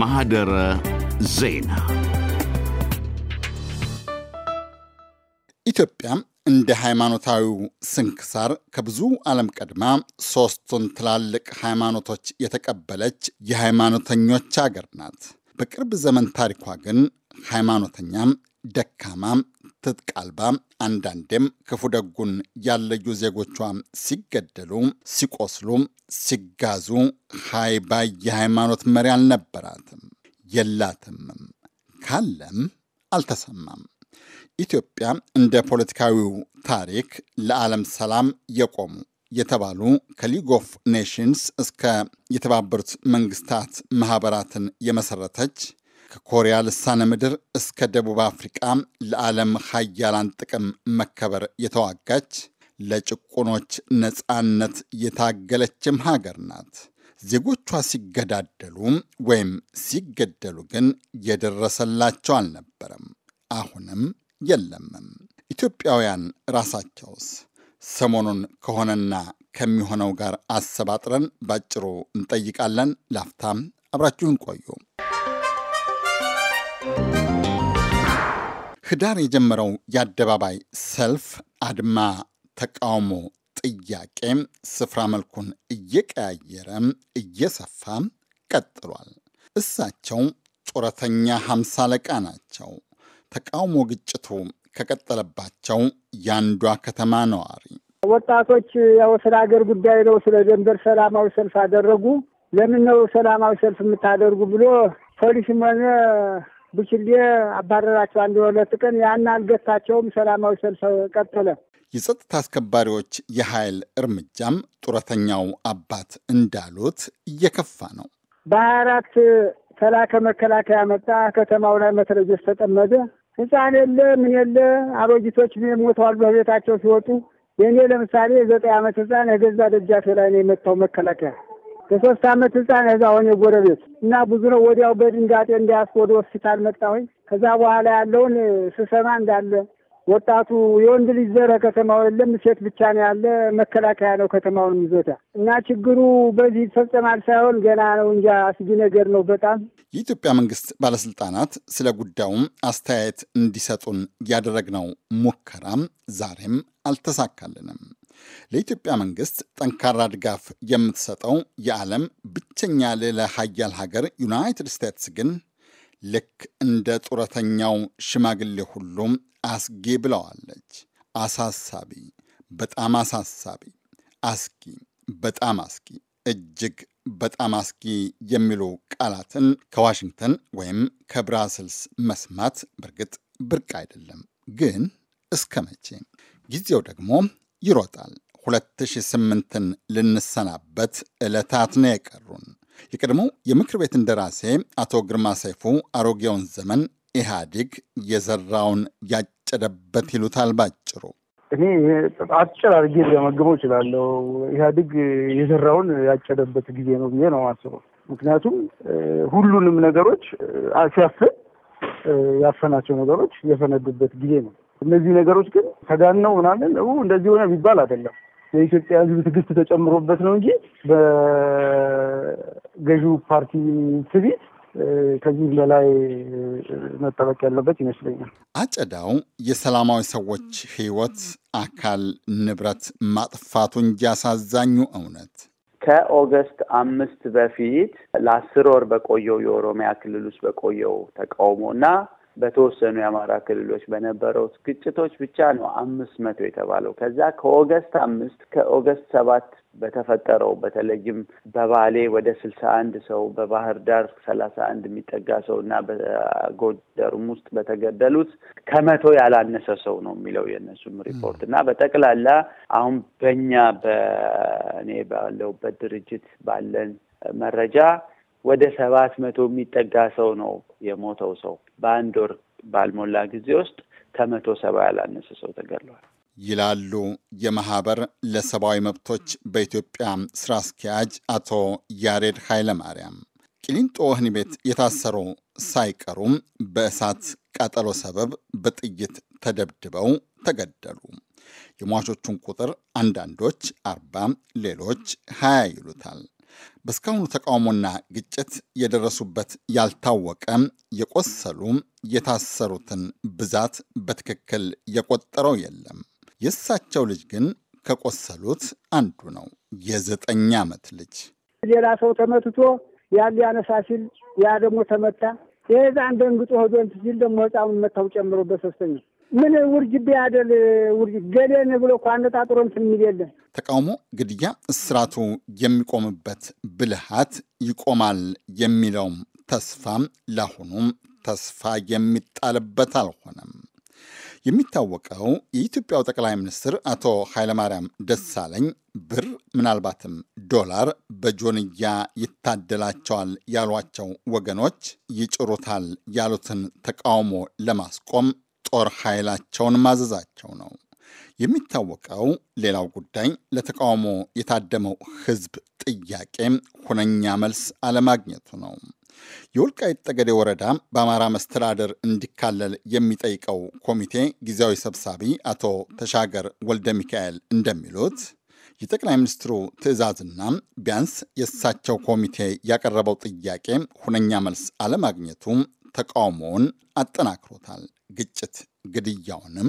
ማህደረ ዜና ኢትዮጵያ እንደ ሃይማኖታዊው ስንክሳር ከብዙ ዓለም ቀድማ ሦስቱን ትላልቅ ሃይማኖቶች የተቀበለች የሃይማኖተኞች አገር ናት። በቅርብ ዘመን ታሪኳ ግን ሃይማኖተኛም ደካማም ትጥቅ አልባ አንዳንዴም ክፉ ደጉን ያለዩ ዜጎቿ ሲገደሉ፣ ሲቆስሉ፣ ሲጋዙ ሀይባ የሃይማኖት መሪ አልነበራትም፣ የላትም፣ ካለም አልተሰማም። ኢትዮጵያ እንደ ፖለቲካዊው ታሪክ ለዓለም ሰላም የቆሙ የተባሉ ከሊግ ኦፍ ኔሽንስ እስከ የተባበሩት መንግስታት ማኅበራትን የመሰረተች ከኮሪያ ልሳነ ምድር እስከ ደቡብ አፍሪቃ ለዓለም ሀያላን ጥቅም መከበር የተዋጋች ለጭቁኖች ነፃነት የታገለችም ሀገር ናት። ዜጎቿ ሲገዳደሉ ወይም ሲገደሉ ግን የደረሰላቸው አልነበረም፣ አሁንም የለምም። ኢትዮጵያውያን ራሳቸውስ ሰሞኑን ከሆነና ከሚሆነው ጋር አሰባጥረን ባጭሩ እንጠይቃለን። ላፍታም አብራችሁን ቆዩ። ህዳር የጀመረው የአደባባይ ሰልፍ፣ አድማ፣ ተቃውሞ፣ ጥያቄ ስፍራ መልኩን እየቀያየረ እየሰፋ ቀጥሏል። እሳቸው ጡረተኛ ሀምሳ አለቃ ናቸው። ተቃውሞ ግጭቱ ከቀጠለባቸው የአንዷ ከተማ ነዋሪ ወጣቶች ያው ስለ ሀገር ጉዳይ ነው፣ ስለ ደንበር ሰላማዊ ሰልፍ አደረጉ። ለምን ነው ሰላማዊ ሰልፍ የምታደርጉ ብሎ ፖሊስም ሆነ ቡችሌ አባረራቸው። አንድ ሁለት ቀን ያን አልገታቸውም። ሰላማዊ ሰልፍ ቀጠለ። የጸጥታ አስከባሪዎች የኃይል እርምጃም ጡረተኛው አባት እንዳሉት እየከፋ ነው። በሀያ አራት ተላከ መከላከያ መጣ። ከተማው ላይ መትረየስ ተጠመደ። ህፃን የለ ምን የለ አሮጊቶች ሞተዋል። በቤታቸው ሲወጡ የእኔ ለምሳሌ የዘጠኝ ዓመት ህፃን የገዛ ደጃፌ ላይ ነው የመታው መከላከያ የሶስት አመት ህፃን እዛ ሆነ ጎረቤት እና ብዙ ነው። ወዲያው በድንጋጤ እንዳያስክ ወደ ሆስፒታል መጣሁኝ። ከዛ በኋላ ያለውን ስሰማ እንዳለ ወጣቱ የወንድ ልጅ ዘረ ከተማው የለም ሴት ብቻ ነው ያለ። መከላከያ ነው ከተማውን ይዞታ እና ችግሩ በዚህ ይፈጸማል ሳይሆን ገና ነው እንጂ አስጊ ነገር ነው በጣም። የኢትዮጵያ መንግስት ባለስልጣናት ስለ ጉዳዩም አስተያየት እንዲሰጡን ያደረግነው ሙከራም ዛሬም አልተሳካልንም። ለኢትዮጵያ መንግስት ጠንካራ ድጋፍ የምትሰጠው የዓለም ብቸኛ ሌላ ሀያል ሀገር ዩናይትድ ስቴትስ ግን ልክ እንደ ጡረተኛው ሽማግሌ ሁሉም አስጊ ብለዋለች። አሳሳቢ፣ በጣም አሳሳቢ፣ አስጊ፣ በጣም አስጊ፣ እጅግ በጣም አስጊ የሚሉ ቃላትን ከዋሽንግተን ወይም ከብራስልስ መስማት በእርግጥ ብርቅ አይደለም። ግን እስከ መቼ? ጊዜው ደግሞ ይሮጣል። 2008ን ልንሰናበት ዕለታት ነው የቀሩን። የቀድሞው የምክር ቤት እንደራሴ አቶ ግርማ ሰይፉ አሮጌውን ዘመን ኢህአዲግ የዘራውን ያጨደበት ይሉታል ባጭሩ። እኔ አጭር አድርጌ ሊያመግበው እችላለሁ። ኢህአዲግ የዘራውን ያጨደበት ጊዜ ነው ብዬ ነው አስበው። ምክንያቱም ሁሉንም ነገሮች ሲያፍን ያፈናቸው ነገሮች የፈነዱበት ጊዜ ነው። እነዚህ ነገሮች ግን ተጋነው ምናምን እንደዚህ ሆነ የሚባል አይደለም። የኢትዮጵያ ሕዝብ ትዕግስት ተጨምሮበት ነው እንጂ በገዢው ፓርቲ ትዕቢት ከዚህ በላይ መጠበቅ ያለበት ይመስለኛል። አጨዳው የሰላማዊ ሰዎች ሕይወት፣ አካል፣ ንብረት ማጥፋቱ እንጂ አሳዛኙ እውነት ከኦገስት አምስት በፊት ለአስር ወር በቆየው የኦሮሚያ ክልል ውስጥ በቆየው ተቃውሞና በተወሰኑ የአማራ ክልሎች በነበረው ግጭቶች ብቻ ነው አምስት መቶ የተባለው። ከዛ ከኦገስት አምስት ከኦገስት ሰባት በተፈጠረው በተለይም በባሌ ወደ ስልሳ አንድ ሰው በባህር ዳር ሰላሳ አንድ የሚጠጋ ሰው እና በጎደርም ውስጥ በተገደሉት ከመቶ ያላነሰ ሰው ነው የሚለው የእነሱም ሪፖርት እና በጠቅላላ አሁን በእኛ በእኔ ባለውበት ድርጅት ባለን መረጃ ወደ ሰባት መቶ የሚጠጋ ሰው ነው የሞተው ሰው በአንድ ወር ባልሞላ ጊዜ ውስጥ ከመቶ ሰባ ያላነሰ ሰው ተገድለዋል ይላሉ የማህበር ለሰብአዊ መብቶች በኢትዮጵያ ስራ አስኪያጅ አቶ ያሬድ ኃይለማርያም። ቅሊንጦ ወህኒ ቤት የታሰሩ ሳይቀሩም በእሳት ቃጠሎ ሰበብ በጥይት ተደብድበው ተገደሉ። የሟቾቹን ቁጥር አንዳንዶች አርባ ሌሎች ሀያ ይሉታል። በእስካሁኑ ተቃውሞና ግጭት የደረሱበት ያልታወቀ የቆሰሉ የታሰሩትን ብዛት በትክክል የቆጠረው የለም። የእሳቸው ልጅ ግን ከቆሰሉት አንዱ ነው። የዘጠኝ ዓመት ልጅ ሌላ ሰው ተመትቶ ያን ያነሳ ሲል ያ ደግሞ ተመታ። የዛን ደንግጦ ሆዶን ሲል ደግሞ ህፃኑን መታው ጨምሮ ሶስተኛው ምን ውርጅ ቢያደል ውርጅ ገሌን ብሎ እኮ አነጣጥሮ እንትን የሚል የለም። ተቃውሞ፣ ግድያ፣ እስራቱ የሚቆምበት ብልሃት ይቆማል የሚለውም ተስፋም ለአሁኑም ተስፋ የሚጣልበት አልሆነም። የሚታወቀው የኢትዮጵያው ጠቅላይ ሚኒስትር አቶ ኃይለማርያም ደሳለኝ ብር ምናልባትም ዶላር በጆንያ ይታደላቸዋል ያሏቸው ወገኖች ይጭሩታል ያሉትን ተቃውሞ ለማስቆም ጦር ኃይላቸውን ማዘዛቸው ነው። የሚታወቀው ሌላው ጉዳይ ለተቃውሞ የታደመው ሕዝብ ጥያቄ ሁነኛ መልስ አለማግኘቱ ነው። የወልቃይት ጠገዴ ወረዳ በአማራ መስተዳደር እንዲካለል የሚጠይቀው ኮሚቴ ጊዜያዊ ሰብሳቢ አቶ ተሻገር ወልደ ሚካኤል እንደሚሉት የጠቅላይ ሚኒስትሩ ትዕዛዝና ቢያንስ የእሳቸው ኮሚቴ ያቀረበው ጥያቄ ሁነኛ መልስ አለማግኘቱ ተቃውሞውን አጠናክሮታል። ግጭት ግድያውንም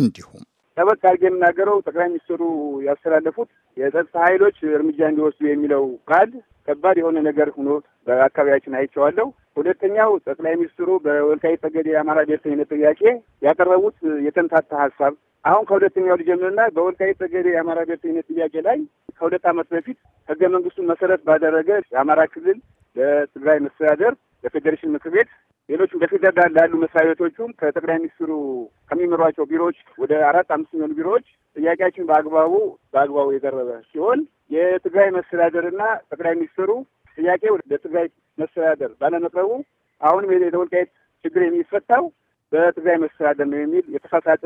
እንዲሁም ተበቃ አድርጌ የምናገረው ጠቅላይ ሚኒስትሩ ያስተላለፉት የጸጥታ ኃይሎች እርምጃ እንዲወስዱ የሚለው ቃል ከባድ የሆነ ነገር ሆኖ በአካባቢያችን አይቼዋለሁ። ሁለተኛው ጠቅላይ ሚኒስትሩ በወልቃይት ጠገዴ የአማራ ብሔርተኝነት ጥያቄ ያቀረቡት የተንታታ ሀሳብ አሁን ከሁለተኛው ልጀምርና በወልቃይት ጠገዴ የአማራ ብሔርተኝነት ጥያቄ ላይ ከሁለት ዓመት በፊት ህገ መንግስቱን መሰረት ባደረገ የአማራ ክልል ለትግራይ መስተዳደር ለፌዴሬሽን ምክር ቤት ሌሎችም በፌደራል ላሉ መስሪያ ቤቶቹም ከጠቅላይ ሚኒስትሩ ከሚመሯቸው ቢሮዎች ወደ አራት አምስት የሚሆኑ ቢሮዎች ጥያቄያችን በአግባቡ በአግባቡ የቀረበ ሲሆን የትግራይ መስተዳደርና ጠቅላይ ሚኒስትሩ ጥያቄ ለትግራይ መስተዳደር ባለመቅረቡ አሁንም የወልቃይት ችግር የሚፈታው በትግራይ መስተዳደር ነው የሚል የተሳሳተ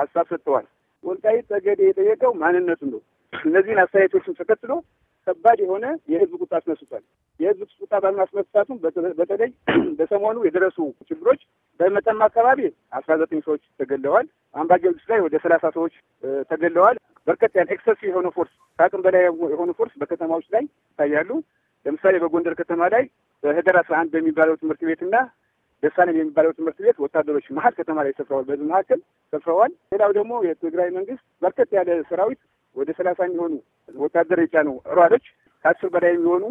ሀሳብ ሰጥተዋል። ወልቃይት ጠገዴ የጠየቀው ማንነቱ ነው። እነዚህን አስተያየቶችን ተከትሎ ከባድ የሆነ የህዝብ ቁጣ አስነስቷል። የህዝብ ቁጣ ባለማስነሳቱም በተለይ በሰሞኑ የደረሱ ችግሮች በመተማ አካባቢ አስራ ዘጠኝ ሰዎች ተገለዋል። አምባ ጊዮርጊስ ላይ ወደ ሰላሳ ሰዎች ተገለዋል። በርከት ያለ ኤክሰሲቭ የሆነ ፎርስ ከአቅም በላይ የሆኑ ፎርስ በከተማዎች ላይ ይታያሉ። ለምሳሌ በጎንደር ከተማ ላይ ህዳር አስራ አንድ በሚባለው ትምህርት ቤት ቤትና ደሳለኝ የሚባለው ትምህርት ቤት ወታደሮች መሀል ከተማ ላይ ሰፍረዋል። በዚህ መካከል ሰፍረዋል። ሌላው ደግሞ የትግራይ መንግስት በርከት ያለ ሰራዊት ወደ ሰላሳ የሚሆኑ ወታደር የጫኑ ሯዶች ከአስር በላይ የሚሆኑ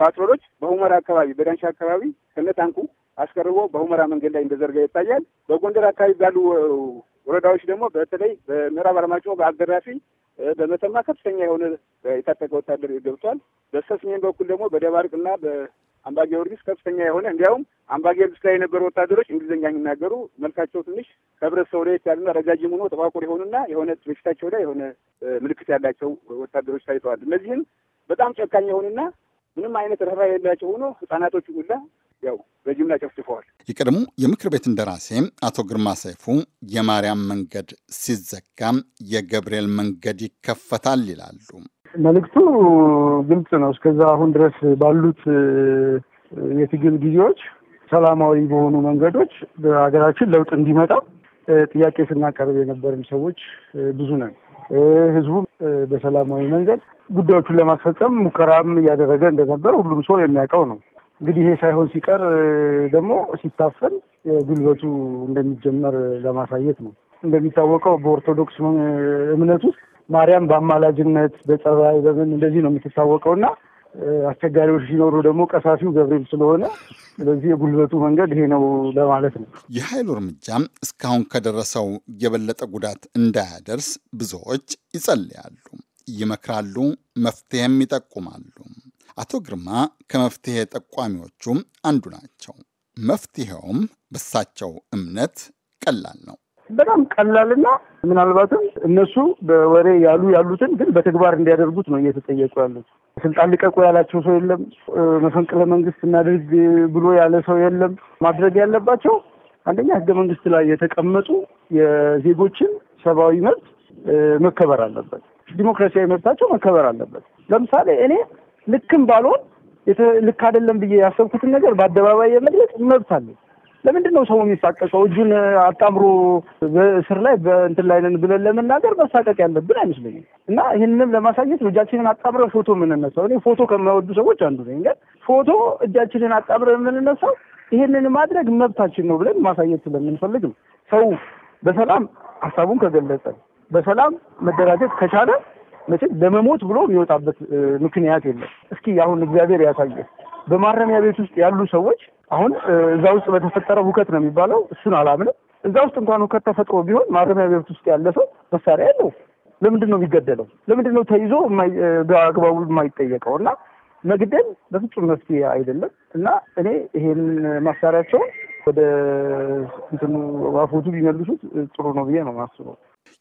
ፓትሮሎች በሁመራ አካባቢ በዳንሻ አካባቢ ከነታንኩ አስቀርቦ በሁመራ መንገድ ላይ እንደዘርጋ ይታያል። በጎንደር አካባቢ ባሉ ወረዳዎች ደግሞ በተለይ በምዕራብ አርማጭሆ፣ በአገራፊ፣ በመተማ ከፍተኛ የሆነ የታጠቀ ወታደር ገብቷል። በስተሰሜን በኩል ደግሞ በደባርቅና አምባ ጊዮርጊስ ከፍተኛ የሆነ እንዲያውም አምባ ጊዮርጊስ ላይ የነበሩ ወታደሮች እንግሊዝኛ የሚናገሩ መልካቸው ትንሽ ከህብረተሰቡ ላይ ያሉና ረጃጅም ሆኖ ተቋቁር የሆኑና የሆነ በፊታቸው ላይ የሆነ ምልክት ያላቸው ወታደሮች ታይተዋል። እነዚህም በጣም ጨካኝ የሆኑና ምንም አይነት ረህራሄ የሌላቸው ሆኖ ህጻናቶች ሁላ ያው በጅምላ ጨፍጭፈዋል። የቀድሞ የምክር ቤት እንደራሴ አቶ ግርማ ሰይፉ የማርያም መንገድ ሲዘጋም የገብርኤል መንገድ ይከፈታል ይላሉ። መልእክቱ ግልጽ ነው። እስከዛ አሁን ድረስ ባሉት የትግል ጊዜዎች ሰላማዊ በሆኑ መንገዶች በሀገራችን ለውጥ እንዲመጣ ጥያቄ ስናቀርብ የነበርን ሰዎች ብዙ ነን። ህዝቡም በሰላማዊ መንገድ ጉዳዮቹን ለማስፈጸም ሙከራም እያደረገ እንደነበር ሁሉም ሰው የሚያውቀው ነው። እንግዲህ ይሄ ሳይሆን ሲቀር ደግሞ ሲታፈን ጉልበቱ እንደሚጀመር ለማሳየት ነው። እንደሚታወቀው በኦርቶዶክስ እምነት ውስጥ ማርያም በአማላጅነት በጸባይ በምን እንደዚህ ነው የምትታወቀው እና አስቸጋሪዎች ሲኖሩ ደግሞ ቀሳፊው ገብርኤል ስለሆነ ስለዚህ የጉልበቱ መንገድ ይሄ ነው ለማለት ነው። የኃይሉ እርምጃ እስካሁን ከደረሰው የበለጠ ጉዳት እንዳያደርስ ብዙዎች ይጸልያሉ፣ ይመክራሉ፣ መፍትሄም ይጠቁማሉ። አቶ ግርማ ከመፍትሄ ጠቋሚዎቹም አንዱ ናቸው። መፍትሄውም በሳቸው እምነት ቀላል ነው። በጣም ቀላልና ምናልባትም እነሱ በወሬ ያሉ ያሉትን ግን በተግባር እንዲያደርጉት ነው እየተጠየቁ ያሉት። ስልጣን ልቀቁ ያላቸው ሰው የለም። መፈንቅለ መንግስት እናድርግ ብሎ ያለ ሰው የለም። ማድረግ ያለባቸው አንደኛ ህገ መንግስት ላይ የተቀመጡ የዜጎችን ሰብአዊ መብት መከበር አለበት። ዲሞክራሲያዊ መብታቸው መከበር አለበት። ለምሳሌ እኔ ልክም ባልሆን ልክ አይደለም ብዬ ያሰብኩትን ነገር በአደባባይ የመግለጽ መብት አለኝ። ለምንድን ነው ሰው የሚሳቀቀው? እጁን አጣምሮ በእስር ላይ በእንትን ላይ ነን ብለን ለመናገር መሳቀቅ ያለብን አይመስለኝም። እና ይህንንም ለማሳየት ነው እጃችንን አጣምረ ፎቶ የምንነሳው። እኔ ፎቶ ከማይወዱ ሰዎች አንዱ ነኝ። ግን ፎቶ እጃችንን አጣምረ የምንነሳው ይህንን ማድረግ መብታችን ነው ብለን ማሳየት ስለምንፈልግ ነው። ሰው በሰላም ሀሳቡን ከገለጸ በሰላም መደራጀት ከቻለ መቼም ለመሞት ብሎ የሚወጣበት ምክንያት የለም። እስኪ አሁን እግዚአብሔር ያሳየ በማረሚያ ቤት ውስጥ ያሉ ሰዎች አሁን እዛ ውስጥ በተፈጠረ ሁከት ነው የሚባለው። እሱን አላምንም። እዛ ውስጥ እንኳን ሁከት ተፈጥሮ ቢሆን ማረሚያ ቤት ውስጥ ያለ ሰው መሳሪያ ያለው ለምንድን ነው የሚገደለው? ለምንድን ነው ተይዞ በአግባቡ የማይጠየቀው? እና መግደል በፍጹም መፍትሄ አይደለም። እና እኔ ይሄን ማሳሪያቸውን ወደ እንትኑ አፎቱ ቢመልሱት ጥሩ ነው ብዬ ነው ማስበው።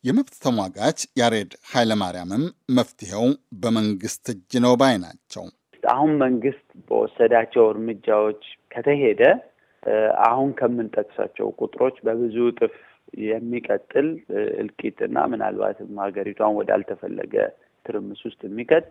የመብት ተሟጋች ያሬድ ኃይለማርያምም መፍትሄው በመንግስት እጅ ነው ባይ ናቸው። አሁን መንግስት በወሰዳቸው እርምጃዎች ከተሄደ አሁን ከምንጠቅሳቸው ቁጥሮች በብዙ እጥፍ የሚቀጥል እልቂትና ምናልባትም ሀገሪቷን ወዳልተፈለገ ትርምስ ውስጥ የሚከት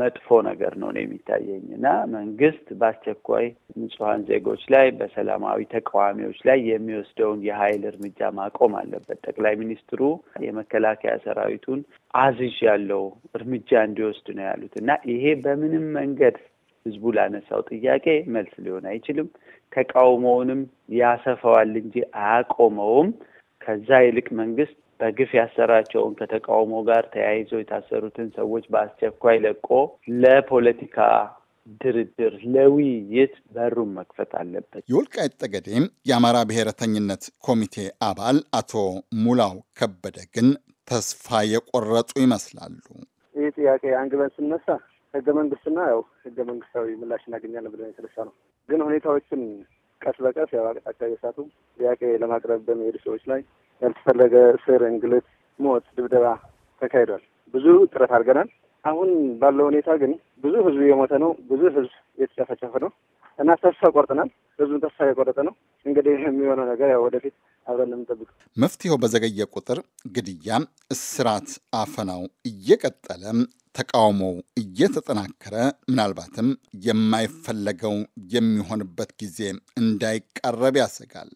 መጥፎ ነገር ነው ነው የሚታየኝ እና መንግስት በአስቸኳይ ንጹሐን ዜጎች ላይ በሰላማዊ ተቃዋሚዎች ላይ የሚወስደውን የኃይል እርምጃ ማቆም አለበት። ጠቅላይ ሚኒስትሩ የመከላከያ ሰራዊቱን አዝዥ ያለው እርምጃ እንዲወስድ ነው ያሉት እና ይሄ በምንም መንገድ ህዝቡ ላነሳው ጥያቄ መልስ ሊሆን አይችልም። ተቃውሞውንም ያሰፋዋል እንጂ አያቆመውም። ከዛ ይልቅ መንግስት በግፍ ያሰራቸውን ከተቃውሞ ጋር ተያይዘው የታሰሩትን ሰዎች በአስቸኳይ ለቆ ለፖለቲካ ድርድር ለውይይት በሩን መክፈት አለበት። የወልቃይት ጠገዴም የአማራ ብሔረተኝነት ኮሚቴ አባል አቶ ሙላው ከበደ ግን ተስፋ የቆረጡ ይመስላሉ። ይህ ጥያቄ አንግበን ስነሳ ህገ መንግስትና ያው ህገ መንግስታዊ ምላሽ እናገኛለን ብለን የተነሳ ነው። ግን ሁኔታዎችን ቀስ በቀስ ያው አቅጣጫ የሳቱ ጥያቄ ለማቅረብ በሚሄዱ ሰዎች ላይ ያልተፈለገ እስር፣ እንግልት፣ ሞት፣ ድብደባ ተካሂዷል። ብዙ ጥረት አድርገናል። አሁን ባለው ሁኔታ ግን ብዙ ህዝብ የሞተ ነው። ብዙ ህዝብ የተጨፈጨፈ ነው እና ተስፋ ቆርጠናል። ህዝብን ተስፋ የቆረጠ ነው። እንግዲህ የሚሆነው ነገር ያው ወደፊት አብረን የምንጠብቅ። መፍትሄው በዘገየ ቁጥር ግድያ፣ እስራት፣ አፈናው እየቀጠለ ተቃውሞው እየተጠናከረ ምናልባትም የማይፈለገው የሚሆንበት ጊዜ እንዳይቃረብ ያሰጋል።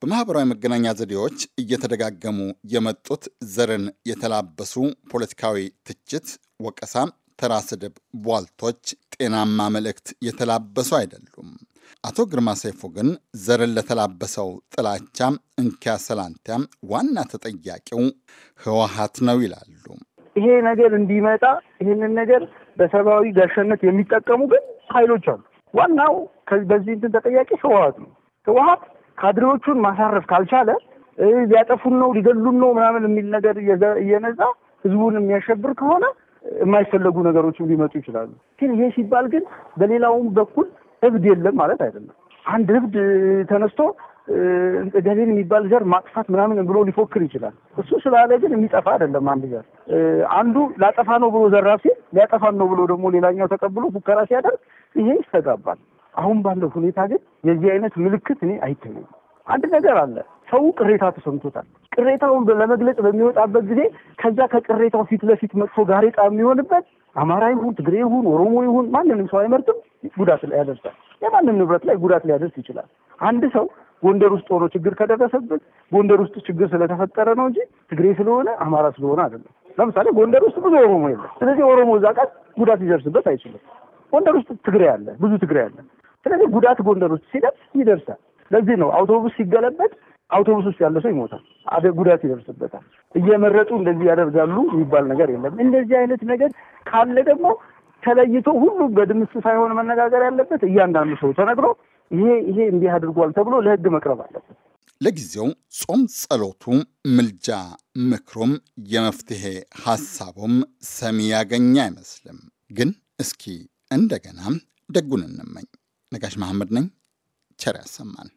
በማኅበራዊ መገናኛ ዘዴዎች እየተደጋገሙ የመጡት ዘርን የተላበሱ ፖለቲካዊ ትችት፣ ወቀሳ፣ ተራ ስድብ፣ ቧልቶች ጤናማ መልእክት የተላበሱ አይደሉም። አቶ ግርማ ሰይፉ ግን ዘርን ለተላበሰው ጥላቻ እንኪያ ሰላንቲያ ዋና ተጠያቂው ህወሀት ነው ይላሉ። ይሄ ነገር እንዲመጣ ይህንን ነገር በሰብአዊ ገርሸነት የሚጠቀሙ ግን ኃይሎች አሉ። ዋናው በዚህ እንትን ተጠያቂ ህወሀት ነው። ህወሀት ካድሬዎቹን ማሳረፍ ካልቻለ ሊያጠፉን ነው ሊገሉን ነው ምናምን የሚል ነገር እየነዛ ህዝቡን የሚያሸብር ከሆነ የማይፈለጉ ነገሮችም ሊመጡ ይችላሉ። ግን ይሄ ሲባል ግን በሌላውም በኩል እብድ የለም ማለት አይደለም። አንድ እብድ ተነስቶ ገሌን የሚባል ዘር ማጥፋት ምናምን ብሎ ሊፎክር ይችላል። እሱ ስላለ ግን የሚጠፋ አይደለም። አንድ ዘር አንዱ ላጠፋ ነው ብሎ ሲል ሊያጠፋን ነው ብሎ ደግሞ ሌላኛው ተቀብሎ ፉከራ ሲያደርግ ይሄ ይስተጋባል። አሁን ባለው ሁኔታ ግን የዚህ አይነት ምልክት እኔ አይገኝም። አንድ ነገር አለ። ሰው ቅሬታ ተሰምቶታል። ቅሬታውን ለመግለጽ በሚወጣበት ጊዜ ከዛ ከቅሬታው ፊት ለፊት መጥፎ ጋሬጣ የሚሆንበት አማራ ይሁን ትግሬ ይሁን ኦሮሞ ይሁን ማንንም ሰው አይመርጥም። ጉዳት ላይ ያደርሳል። የማንም ንብረት ላይ ጉዳት ሊያደርስ ይችላል። አንድ ሰው ጎንደር ውስጥ ሆኖ ችግር ከደረሰበት ጎንደር ውስጥ ችግር ስለተፈጠረ ነው እንጂ ትግሬ ስለሆነ አማራ ስለሆነ አይደለም። ለምሳሌ ጎንደር ውስጥ ብዙ ኦሮሞ የለም። ስለዚህ ኦሮሞ እዛ ቃል ጉዳት ሊደርስበት አይችልም። ጎንደር ውስጥ ትግሬ አለ፣ ብዙ ትግሬ አለ። ስለዚህ ጉዳት ጎንደር ውስጥ ሲደርስ ይደርሳል። ለዚህ ነው አውቶቡስ ሲገለበት አውቶቡስ ውስጥ ያለ ሰው ይሞታል፣ ጉዳት ይደርስበታል። እየመረጡ እንደዚህ ያደርጋሉ የሚባል ነገር የለም። እንደዚህ አይነት ነገር ካለ ደግሞ ተለይቶ ሁሉም በድምስ ሳይሆን መነጋገር ያለበት እያንዳንዱ ሰው ተነግሮ ይሄ ይሄ እንዲህ አድርጓል ተብሎ ለህግ መቅረብ አለበት። ለጊዜው ጾም፣ ጸሎቱ፣ ምልጃ፣ ምክሩም የመፍትሄ ሐሳቡም ሰሚ ያገኘ አይመስልም። ግን እስኪ እንደገና ደጉን እንመኝ። ነጋሽ መሐመድ ነኝ። ቸር ያሰማን።